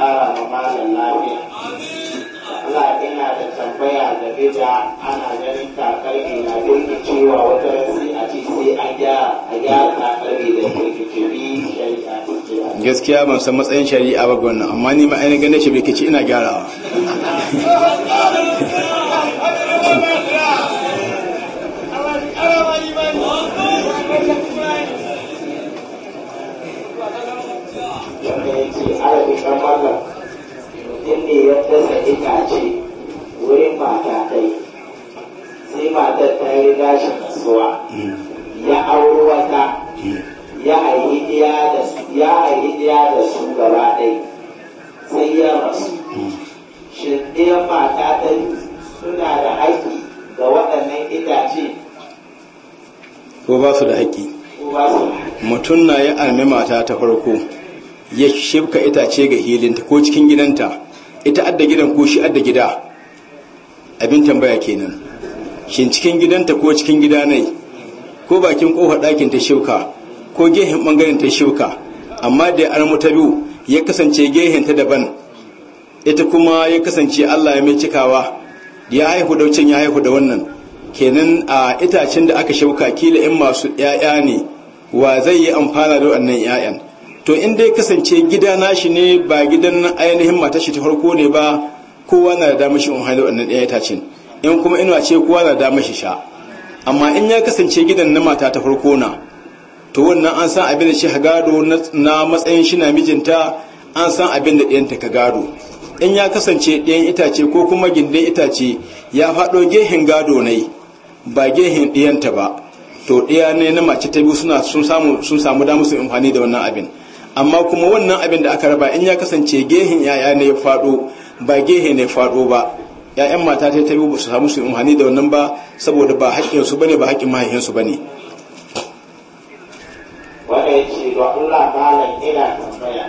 ƙara ma malin lafiya Allah ina da tambaya da gida ana ganin takarki na cewa wata rasi a ci sai a gyara takarki da birkicewi shari'a gaskiya ban san matsayin shari'a ba gwanna amma ni ma ainihin ganin shi kici ina gyarawa dan mallam mutum ne ya dasa itace wurin mata kai sai matar ta yi gashin nasuwa ya auri wata ya aihidiya da su gaba ɗai sai ya rasu shin ɗayan mata ta suna da haƙƙi ga waɗannan itace ko ba su da haƙƙi mutum na yi almi mata ta farko ya shibka itace ga hilinta ko cikin gidanta ita adda gidan ko shi adda gida abin tambaya kenan shin cikin gidanta ko cikin gida ne ko bakin kofar ɗakin ta shibka ko gehen ɓangaren ta shibka amma da an biyu ya kasance gehen ta daban ita kuma ya kasance allah ya mai cikawa ya haihu da ya haihu da wannan kenan a itacen da aka shauka kila in masu 'ya'ya ne wa zai yi amfana da wannan 'ya'yan to in dai kasance gida nashi ne ba gidan ainihin mata shi ta farko ne ba kowa na da damar shi in hali wannan ɗaya itacen in kuma ina ce kowa na da damar shi sha amma in ya kasance gidan na mata ta farko na to wannan an san abin da shi gado na matsayin shi na mijinta an san abin da ɗiyanta ka gado in ya kasance ɗayan itace ko kuma gindin itace ya faɗo gehen gado ne ba gehen ɗiyanta ba to ɗaya ne na mace ta biyu suna sun samu damar su amfani da wannan abin amma kuma wannan abin da aka raba in ya kasance gehin yaya ne ya fado ba gehe ne fado ba ya'yan mata ta tabi ba su samu su umhani da wannan ba saboda ba haƙƙin su bane ba haƙƙin mahaifin su bane wanda ya ce ba Allah malam ina tambaya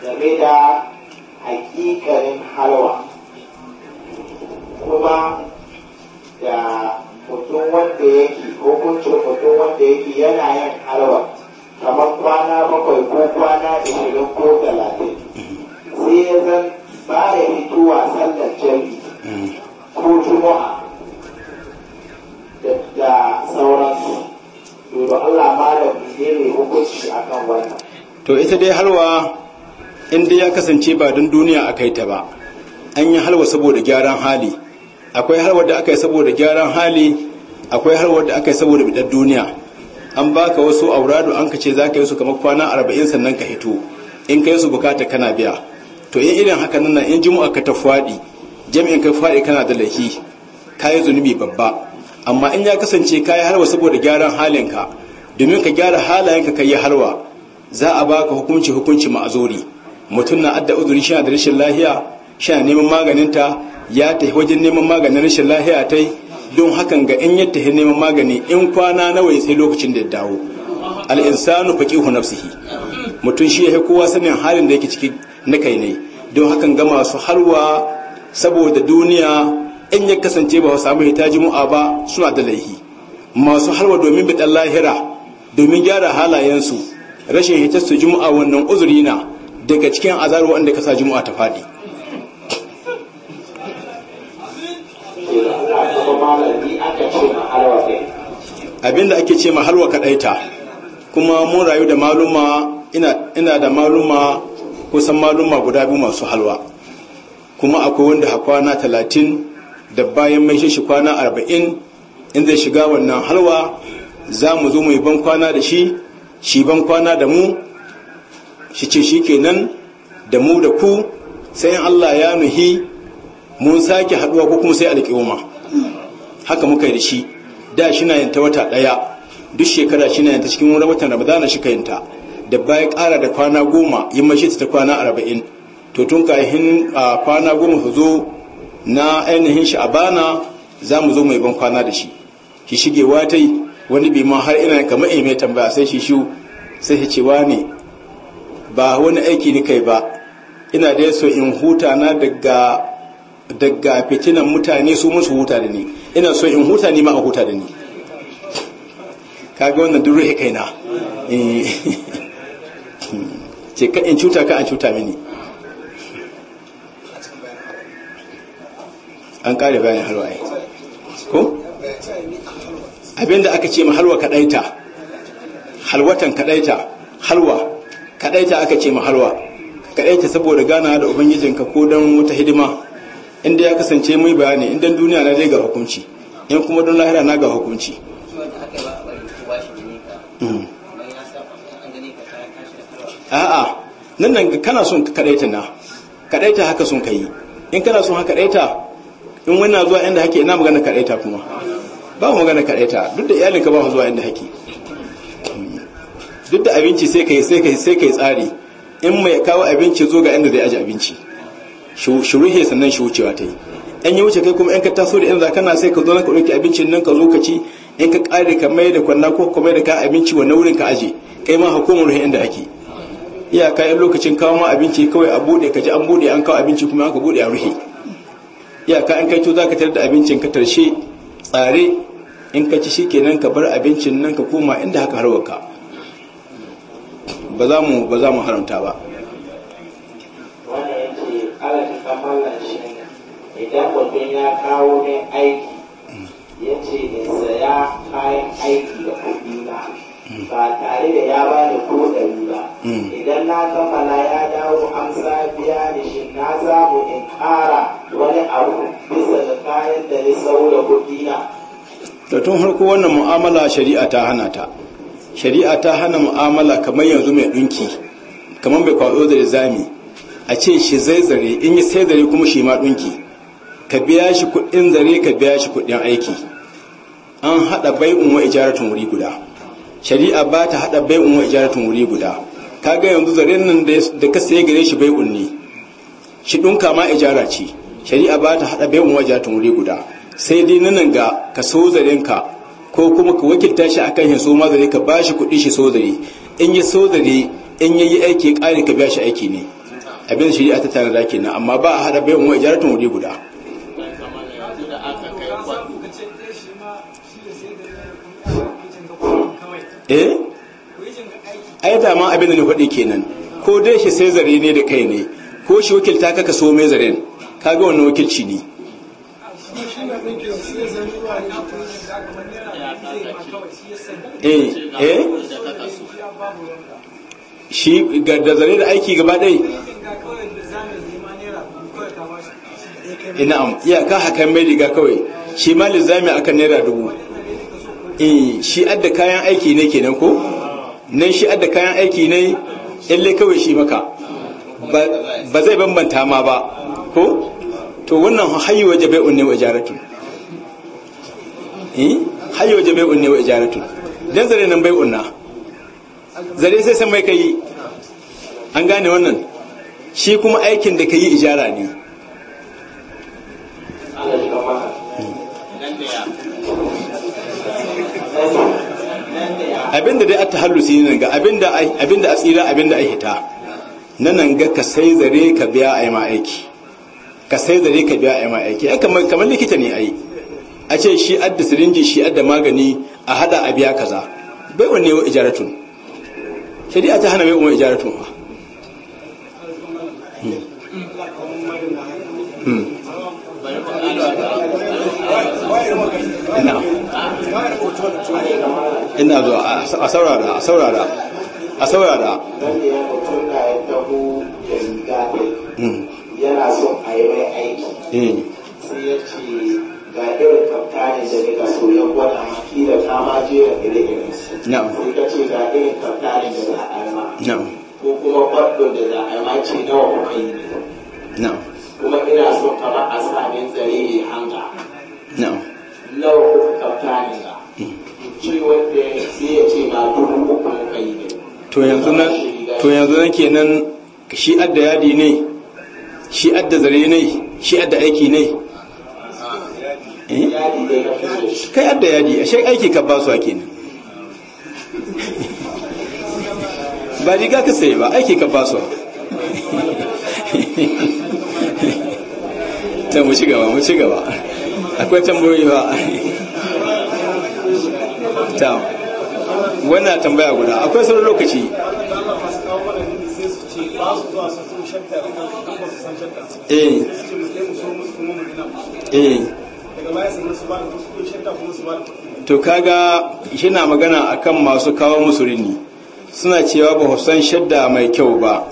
game da hakikarin halwa kuma da mutum wanda yake ko kun wanda yake yana yin halwa kamar kwana bakwai ko kwana ishirin ko talatin sai ya zan ba da hituwa sallar jami ko juma'a da sauransu to Allah malam ne mai hukunci akan wannan to ita dai halwa in dai ya kasance ba don duniya a kai ta ba an yi halwa saboda gyaran hali akwai halwar da aka yi saboda gyaran hali akwai halwar da aka yi saboda bidar duniya an baka wasu auradu an ce za ka yi su kamar kwana arba'in sannan ka hito in ka yi su bukata kana biya to in irin haka nan in jimu ka ta fadi jami'in ka fadi kana da lahi ka yi zunubi babba amma in ya kasance ka yi harwa saboda gyaran halinka domin ka gyara halayen ka yi harwa za a baka hukunci hukunci ma'azuri mutum na adda uzuri shi da rashin lahiya shi neman maganinta ya tafi wajen neman maganin rashin lahiya ta yi don hakan ga in yadda hin neman magani in kwana nawa ya sai lokacin da ya dawo al insanu faqihu nafsihi mutum shi ya kowa sanin halin da yake ciki na kai ne don hakan ga masu harwa saboda duniya in ya kasance ba samu hitaji mu'a ba suna da laihi masu harwa domin bidan lahira domin gyara halayensu rashin hitar su juma'a wannan uzuri na daga cikin azaru wanda ka sa juma'a ta faɗi abinda ake ce ma halwa kadaita kuma mun rayu da maluma ina da maluma kusan maluma guda biyu masu halwa kuma akwai wanda a hakwana talatin da bayan mai shi kwana arba'in in zai shiga wannan halwa za mu zo mu yi ban kwana da shi shi ban kwana da mu shi ce shi kenan da mu da ku sai Allah ya nuhi mun sake haduwa ko kuma sai alƙiwama haka muka yi da shi da shi na yanta wata ɗaya duk shekara shi na yanta cikin watan ramadana shi ka yanta da baya kara da kwana goma ya mashi ta kwana arba'in to tun kahin kwana goma su zo na ainihin shi a bana za mu zo mai ban kwana da shi shi shige ta wani bi har ina kamar in mai tambaya sai shi shi sai shi cewa ne ba wani aiki ni kai ba ina da so in huta na daga daga fitinan mutane su mun su huta da ni ina so in huta ni ma a huta da ni kaga wannan duru na, eh. ce ka in cuta ka an cuta mini an kare bayan halwa ai ko abinda aka ce ma halwa kadaita halwatan kadaita halwa kadaita aka ce ma halwa kadaita saboda gana da ubangijinka ko dan wata hidima inda ya kasance mai bayani inda duniya na dai ga hukunci in kuma don lahira na ga hukunci a'a nan nan kana son kadaita na kadaita haka sun kai in kana son haka kadaita in wani na zuwa inda hake ina magana kadaita kuma ba mu magana kadaita duk da ka ba zuwa inda hake duk da abinci sai kai sai kai sai kai tsari in mai kawo abinci zo ga inda zai aje abinci shuruhe sannan shi wucewa ta yi in yi wuce kai kuma in ka taso da in za kana sai ka zo ka ɗauki abincin nan ka zo ka ci in ka ƙare ka mai da kwanna ko ka mai da ka abinci wa wurin ka aje kai ma hukumar ruhin inda ake iya ka yi lokacin kawo ma abinci kawai a buɗe ka ji an buɗe an kawo abinci kuma aka buɗe a ruhe iyaka in kai to za ka tarar da abincin ka tarshe tsare in ka ci shikenan ka bar abincin nan ka koma inda haka ka ba za mu haramta ba idan mutum ya kawo min aiki ya ce ne saya kayan aiki da kudi na ba tare da ya bani ko ɗari ba hmm. idan na kammala ya dawo amsa biya da shi na samu in kara wani abu bisa ga kayan da ya da kudi na da tun harko wannan mu'amala shari'a ta hana ta shari'a ta hana mu'amala kamar yanzu mai ɗinki kamar bai kwaɗo da zami a ce shi zai zare in yi sai zare kuma shi ma ɗinki ka biya shi kuɗin zare ka biya shi kuɗin aiki an haɗa bai'un wa ijaratun wuri guda shari'a ba ta haɗa bai'un wa ijaratun wuri guda ka ga yanzu zaren nan da ka saye gare shi bai'un ne shi ɗunka ma ijara ce shari'a ba ta haɗa bai'un wa ijaratun wuri guda sai dai nanan ga ka so ka ko kuma ka wakilta shi akan yin so zare ka ba shi kuɗi shi zare in yi so zare in yi aiki ƙari ka biya shi aiki ne abin shari'a ta tare da kenan amma ba a haɗa bai wa ijaratun wuri guda eh ai dama abin da ni faɗi kenan ko dai shi sai zare ne da kai ne ko shi wakilta ka so mai zaren kaga wannan wakilci ne eh eh shi ga da zare da aiki gaba ɗai ina eh, am ka hakan mai riga kawai shi ma lizami akan naira dubu eh shi adda kayan aiki ne kenan ko nan shi adda kayan aiki ne illai kawai shi maka ba zai bambanta ma ba ko to wannan hayyu waje bai unne wa ijaratun eh hayyu waje bai unne wa ijaratun dan zare nan bai unna zare sai san mai kai an gane wannan shi kuma aikin da kai ijara ne abinda dai a atta hallusi nan ga abinda abinda asira abinda ai hita na nan ga ka sai zare ka biya ai ma aiki ka sai zare ka biya ai ma aiki ai kamar likita ne a yi. a ce shi adda sirinji shi adda magani a hada a biya kaza bai wanne wa ijaratun shari'a ta hana mai umar ijaratun fa hmm. hmm. na'am ina zo a saurara a saurara a saurara yana so a yi mai hmm. aiki sai ya ce ga irin kaftani da ka so ya gwada haki da kama jera ire-iren su sai ka ce ga irin da za a yi ko kuma kwaddo da za a yi ma ce nawa kuma yi ne kuma ina so kama a samin zare mai hanga nawa to yanzu nan to yanzu nan kenan shi adda yadi ne shi adda zare ne shi adda aiki ne eh? kai adda yadi a shai aiki ka ba su kenan ba riga ka sai ba aiki ka ba su ta mu ci gaba mu ci gaba akwai tambayoyi ba ta wannan tambaya guda akwai sauran lokaci eh. Eh. to kaga yana magana akan masu kawo musu rini suna cewa ba san shadda mai kyau ba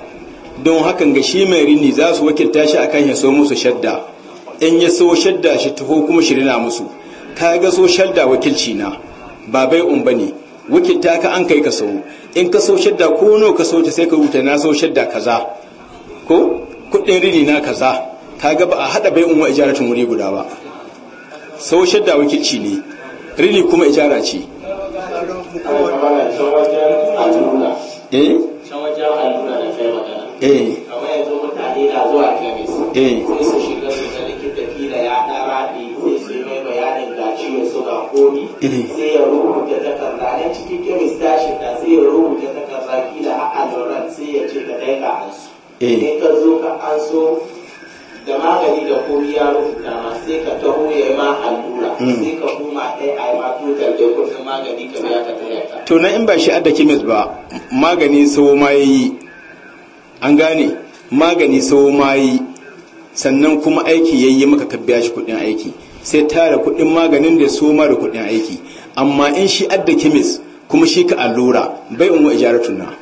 don hakan ga shi mai rini za su wakilta shi akan ya so musu shadda in ya so shadda shi taho kuma shi musu ka ga so shadda wakilci na ba bai un ne wakilta ka an kai ka sau in ka sau shadda ko nawa ka sau ta sai ka wuta na sau shadda kaza ko kuɗin rini na kaza ga ba a hada bai un wa ijaratin wuri guda ba sau shadda wakilci ne rini kuma ijara ce eh eh eh gangoni eh. sai ya rubuta takarda na cikin kemis ta na sai ya rubuta takarda kila a adoran sai ya ce ka ɗaya ka ansu eh. in ka zo ka anso da magani da komi ya rubuta ma sai ka taho ya ma allura hmm. sai ka koma ɗaya a yi ma tutar da kusa magani ka biya ka ɗaya to na in ba shi adda kemis ba magani sau ma ya yi an gane magani sau ma ya yi sannan kuma aiki ya yi maka ka biya shi kuɗin aiki sai tara kuɗin maganin da su ma da kuɗin aiki amma in shi adda kimis kuma shi ka allura bai umu ijaratun na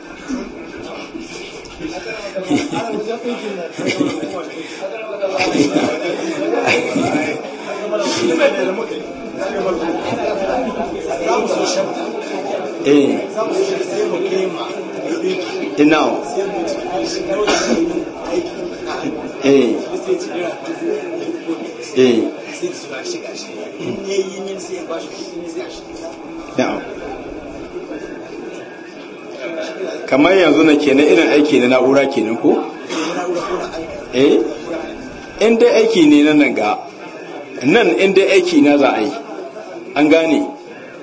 eh. eh eh ya kamar yanzu na na irin aiki na na'ura kenan ko eh in dai aiki ne na nan ga nan in dai aiki na za a yi an gane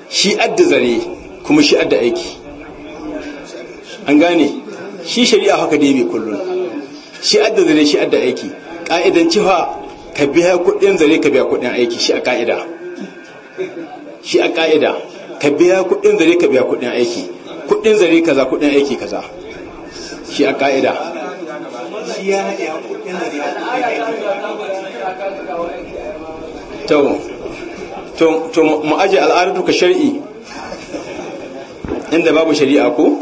shi adda zare kuma shi adda aiki an gane shi shari'a haka dai bai kullum shi adda zare shi adda aiki ƙa'idan cewa ka biya kuɗin zare ka biya kuɗin aiki shi a ka'ida shi a ka'ida ka biya kuɗin zare ka biya kuɗin aiki kuɗin zare kaza kuɗin aiki kaza shi a ka'ida to mu aje al'adatu ka shari'i inda babu shari'a ko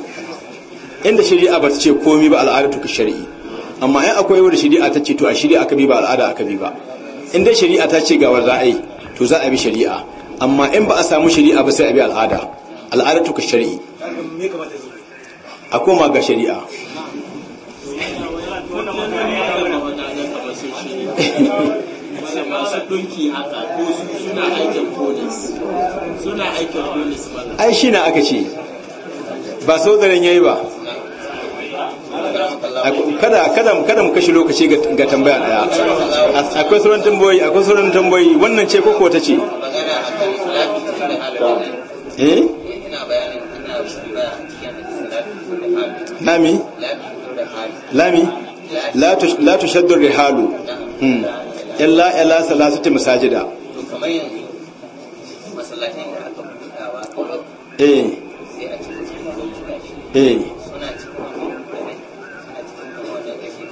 inda shari'a ba ta ce komi ba al'adu ka shari'i amma in akwai wani shari'a ta ce to a shari'a aka bi ba al'ada aka bi ba in dai shari'a ta ce ga a yi to za a bi shari'a amma in ba a samu shari'a ba sai a bi al'ada al'ada to ka shari'i a koma ga shari'a ai shi na aka ce ba sau da yayi ba kada kada kada mu kashe lokaci ga tambaya daya akwai sauran tamboyi akwai sauran tamboyi wannan ce ko ta ce eh lami lami la tushaddu rihalu illa hmm. ila salasati masajida kamar yanzu masallacin da aka eh eh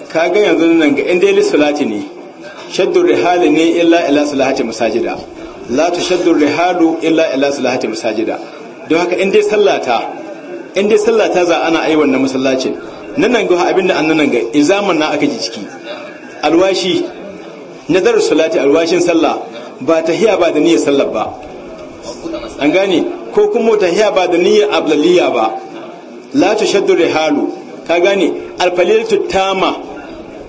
ka ga yanzu nan ga inda lissu salati ne shaddu rihalu ne illa ila salati masajida la shaddu rihalu illa ila salati masajida don haka inda dai sallata inda dai sallata za ana ai wannan masallacin nan nan ga abinda annan nan ga zaman na aka ji ciki alwashi nazarar salati alwashin sallah ba tahiya ba da niyyar sallar ba an gane ko kuma tahiya ba da niyyar ablaliya ba la shaddu rihalu ka gane alfalilatu tama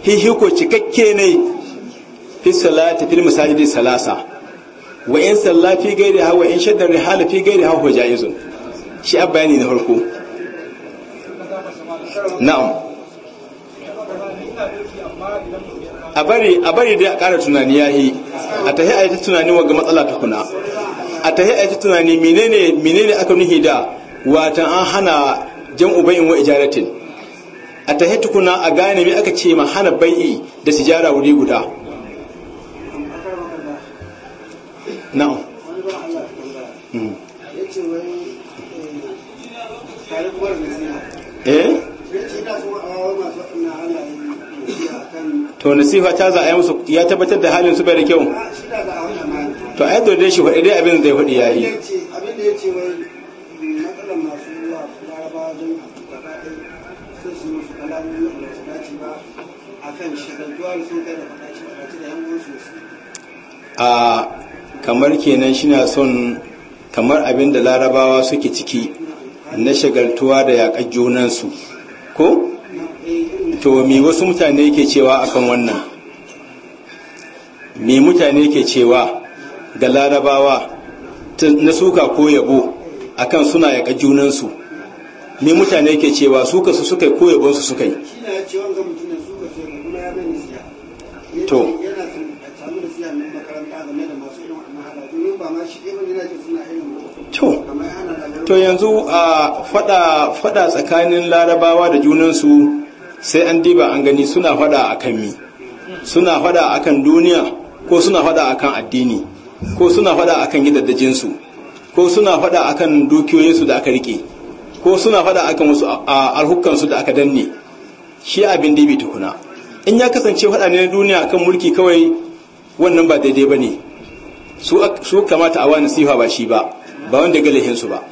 hihiko cikakke ne fi salati fil masajidi salasa wa in salla fi gairi ha wa in shaddar rihala fi gairi ha huwa jaizun shi abayani na farko na'am a bari a bari dai a ƙara tunani yahi a tahi a yi ta tunani wa ga matsala tukuna a tahi a yi ta tunani menene menene aka nuhi da watan an hana jam'u bayin wa ijaratin a tahi tukuna a gane mai aka ce ma hana bai'i da sijara wuri guda na'am hmm. eh to nasiha ta za a yi musu ya tabbatar da halin su bai da kyau to ai dole shi faɗi dai abin zai faɗi yayi a kamar kenan shi na son kamar abin da larabawa suke ciki na shagaltuwa da yaƙar junansu ko to me wasu mutane ke cewa akan wannan me mutane ke cewa ga larabawa na suka ko yabo akan suna yaƙar junansu me mutane ke cewa suka su suka ko yabonsu suka yi to to yanzu a fada fada tsakanin larabawa da junansu sai an diba an gani suna fada akan mi suna fada akan duniya ko suna fada akan addini ko suna fada akan gidaddajinsu ko suna fada akan dukiyoyinsu da aka rike ko suna fada akan wasu alhukansu da aka danne shi abin dibi tukuna in ya kasance faɗa ne na duniya kan mulki kawai wannan ba daidai ba ne su kamata a wani nasiha ba shi ba ba wanda ga laihinsu ba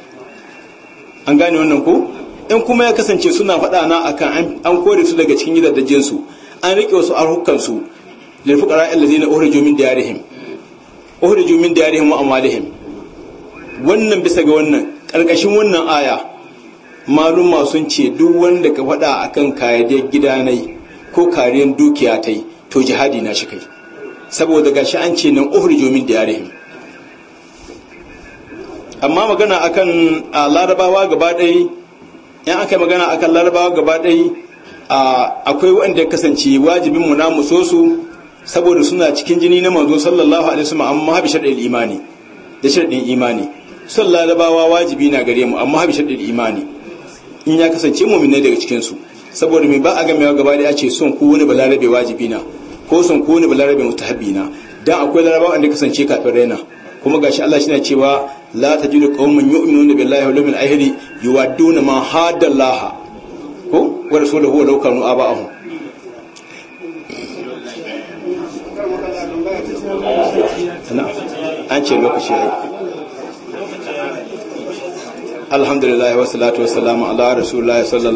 an gane wannan ku. in kuma ya kasance suna faɗa na akan an kore su daga cikin gidajen jinsu an rike wasu arhukansu lil fuqara allazina uhrijo min diyarihim uhrijo min diyarihim wa amwalihim wannan bisa ga wannan karkashin wannan aya malum sun ce duk wanda ka faɗa akan kayyadiyar gidanai ko kariyan dukiya ta yi to jihadi na shi kai saboda gashi an ce nan jomin min yare amma magana akan larabawa gaba ɗai yan aka yi magana akan larabawa gaba ɗai akwai waɗanda ya kasance wajibin mu na mu so su saboda suna cikin jini na manzo sallallahu alaihi wasallam amma habi sharɗin imani da sharɗin imani sun larabawa wajibi na gare mu amma habi sharɗin imani in ya kasance mu ne daga cikin su saboda mai ba a mewa gaba da ya ce son ku wani balarabe wajibi na ko son ku wani balarabe mutahabbi na dan akwai larabawa wanda kasance kafin raina kuma gashi Allah shi na cewa la tajidu qauman yu'minuna billahi wal yawmil akhir yuwadduna ma ahiri ko wa rasuluhu wa law laha aba'ahum an ce lokaci huwa alhamdulillah wa salatu wa salamu ala rasulillahi sallallahu